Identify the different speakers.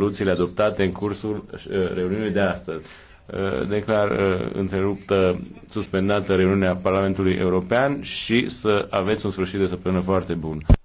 Speaker 1: rezoluțiile adoptate în cursul uh, reuniunii de astăzi. Uh, declar uh, întreruptă, suspendată reuniunea Parlamentului European și să aveți un sfârșit de săptămână foarte bun.